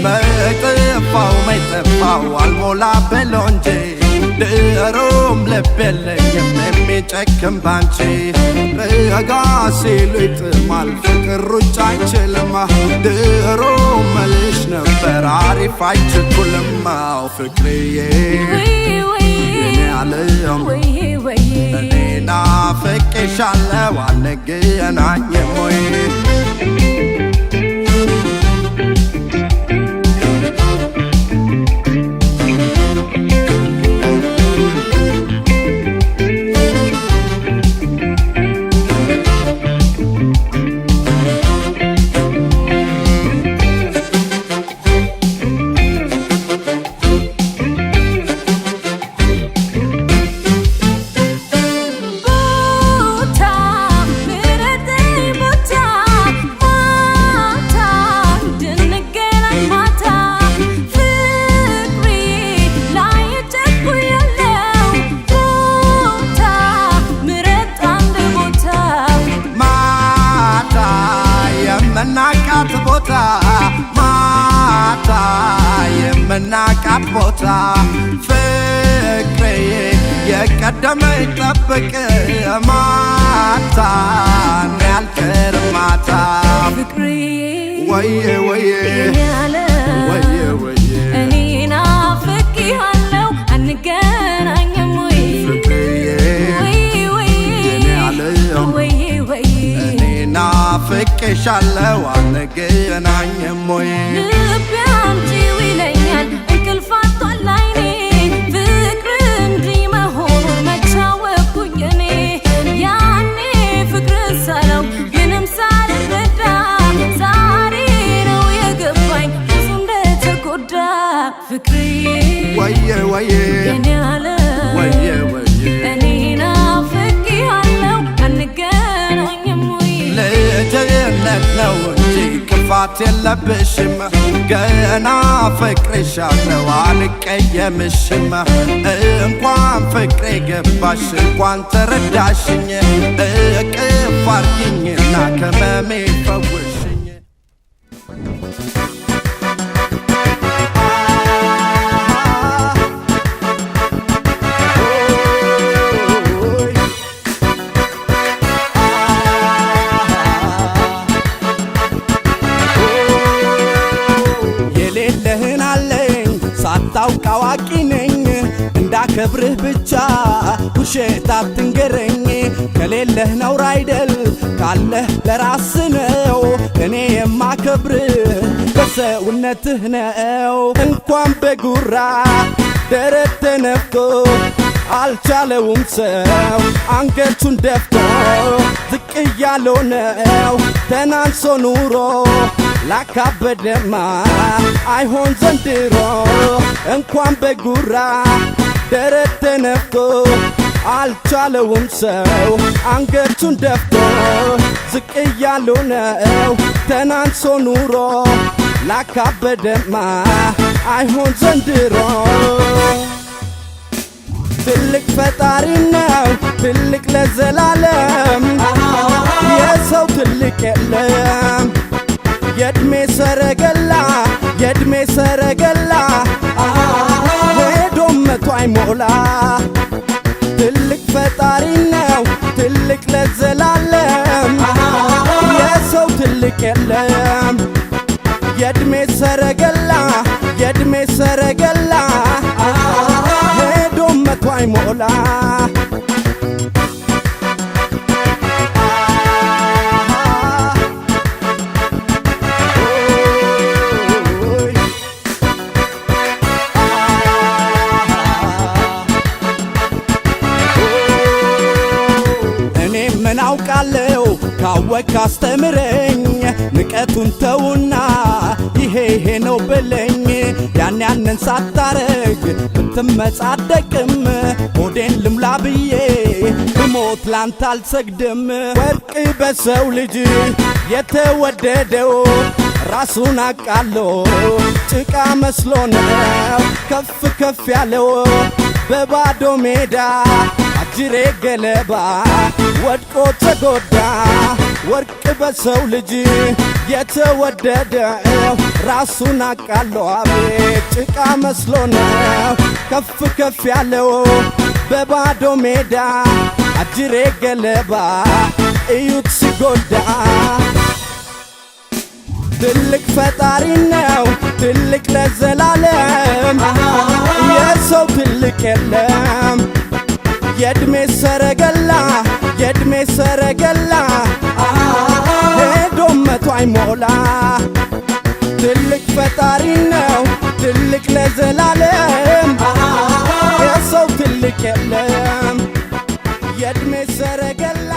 መጠፋው መጠፋው አልሞላ ብሎ እንጂ ድሮም ልብ የለኝም የሚጨክም ባንቺ ረጋ ሲሉ ይጥማል ፍቅር ሩጫ አይችልማ ድሮ መልሽ ነበር አሪፍ አይችኩልማው ፍቅርዬ ያለም እኔ ናፍቄሻለሁ አንገናኝም ወይ? የምናቃት ቦታ ፍቅሬ የቀደመ ጠብቅ ማታ ያልቅር ማታ ፍቅሬ ወየ ወየ ወየ ወየ እኔና ፍቅ አንገናኝም ወይ እኔና ፍቅሻለው አንገናኝም ወይ መግባት የለብሽም ገና ፍቅሬሻለው አልቀየምሽም። እንኳን ፍቅሬ ገባሽ እንኳን ተረዳሽኝ እቅፍ አርጊኝና ከመሜ ፈውሽኝ ሳታውቅ አዋቂ ነኝ እንዳከብርህ ብቻ ውሸት አትንገረኝ። ከሌለህ ነውር አይደል ካለህ ለራስ ነው። እኔ የማከብርህ በሰውነትህ ነው። እንኳን በጉራ ደረት ተነፍቶ አልቻለውም ሰው አንገቱን ደፍቶ ዝቅ እያለው ነው ተናንሶ ኑሮ ላካበደማ አይሆን ዘንድሮ እንኳን በጉራ ደረት ተነፍቶ አልቻለውም ሰው አንገቱን ደፍቶ ዝቅ እያሉ ነው ተናንሶ ኑሮ ላካበደማ አይሆን ዘንድሮ ትልቅ ፈጣሪ ነው ትልቅ ለዘላለም የሰው ትልቅ የለም የእድሜ ሰረገላ ሄዶም መቶ አይሞላ ትልቅ ፈጣሪ ነው ትልቅ ለዘላለም የሰው ትልቅ የለም የእድሜ ሰረገላ የእድሜ ሰረገላ ሄዶም መቶ አይሞላ ካወቅ አስተምረኝ ንቀቱን ተውና ይሄ ይሄ ነው ብለኝ ያን ያንን ሳታረግ ብትመጻደቅም ሆዴን ልምላ ብዬ ብሞት ላንተ አልሰግድም። ወርቅ በሰው ልጅ የተወደደው ራሱን አቃሎ ጭቃ መስሎ ነው ከፍ ከፍ ያለው በባዶ ሜዳ አጅሬ ገለባ ወድቆ ተጎዳ ወርቅ በሰው ልጅ የተወደደ ራሱን አቃሎ አቤት ጭቃ መስሎ ነው ከፍ ከፍ ያለው በባዶ ሜዳ አጅሬ ገለባ እዩት ሲጎዳ ትልቅ ፈጣሪ ነው ትልቅ ለዘላለም የሰው ትልቅ የለም የእድሜ ሰረገላ የእድሜ ሰረገላ ሄዶም መቶ አይሞላ ትልቅ ፈጣሪ ነው ትልቅ ለዘላለም የሰው ትልቅ የለም የእድሜ ሰረገላ